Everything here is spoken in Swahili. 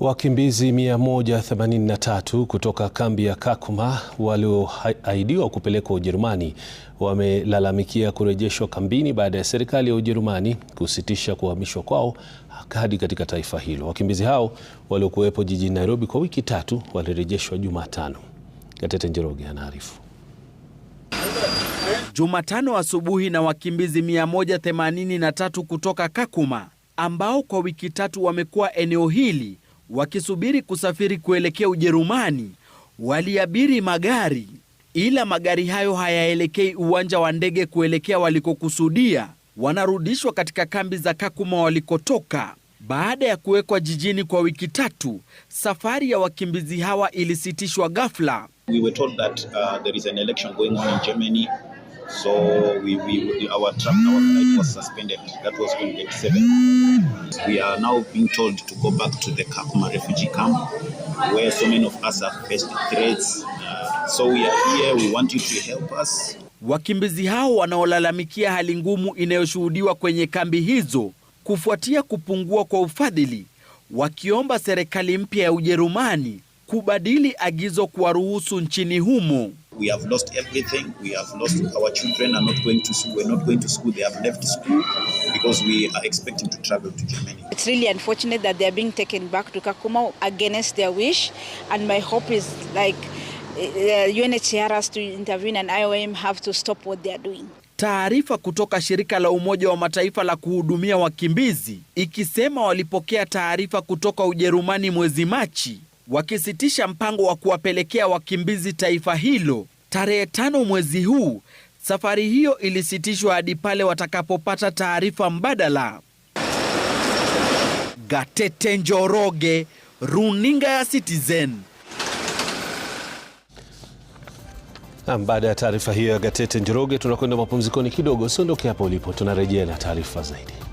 Wakimbizi 183 kutoka kambi ya Kakuma walioahidiwa kupelekwa Ujerumani wamelalamikia kurejeshwa kambini baada ya serikali ya Ujerumani kusitisha kuhamishwa kwao hadi katika taifa hilo. Wakimbizi hao waliokuwepo jijini Nairobi kwa wiki tatu walirejeshwa Jumatano. Gatete Njoroge anaarifu. Jumatano asubuhi na wakimbizi 183 kutoka Kakuma ambao kwa wiki tatu wamekuwa eneo hili wakisubiri kusafiri kuelekea Ujerumani waliabiri magari, ila magari hayo hayaelekei uwanja wa ndege kuelekea walikokusudia. Wanarudishwa katika kambi za Kakuma walikotoka. Baada ya kuwekwa jijini kwa wiki tatu, safari ya wakimbizi hawa ilisitishwa ghafla. We were told that, uh, there is an election going on in Germany. So we, we our truck, our flight was suspended. That was on 27. We are now being told to go back to the Kakuma refugee camp where so many of us are faced threats. Uh, so we are here, we want you to help us. Wakimbizi hao wanaolalamikia hali ngumu inayoshuhudiwa kwenye kambi hizo kufuatia kupungua kwa ufadhili, wakiomba serikali mpya ya Ujerumani kubadili agizo kuwaruhusu nchini humo we have lost everything. We have lost our children are not going to school. We're not going to school. They have left school because we are expecting to travel to Germany. It's really unfortunate that they are being taken back to Kakuma against their wish. And my hope is like uh, eh, eh, UNHCR has to intervene and IOM have to stop what they are doing. Taarifa kutoka shirika la Umoja wa Mataifa la kuhudumia wakimbizi ikisema walipokea taarifa kutoka Ujerumani mwezi Machi wakisitisha mpango wa kuwapelekea wakimbizi taifa hilo tarehe tano mwezi huu. Safari hiyo ilisitishwa hadi pale watakapopata taarifa mbadala. Gatete Njoroge, runinga ya Citizen. Baada ya taarifa hiyo ya Gatete Njoroge, tunakwenda mapumzikoni kidogo. Usiondoke hapo ulipo, tunarejea na taarifa zaidi.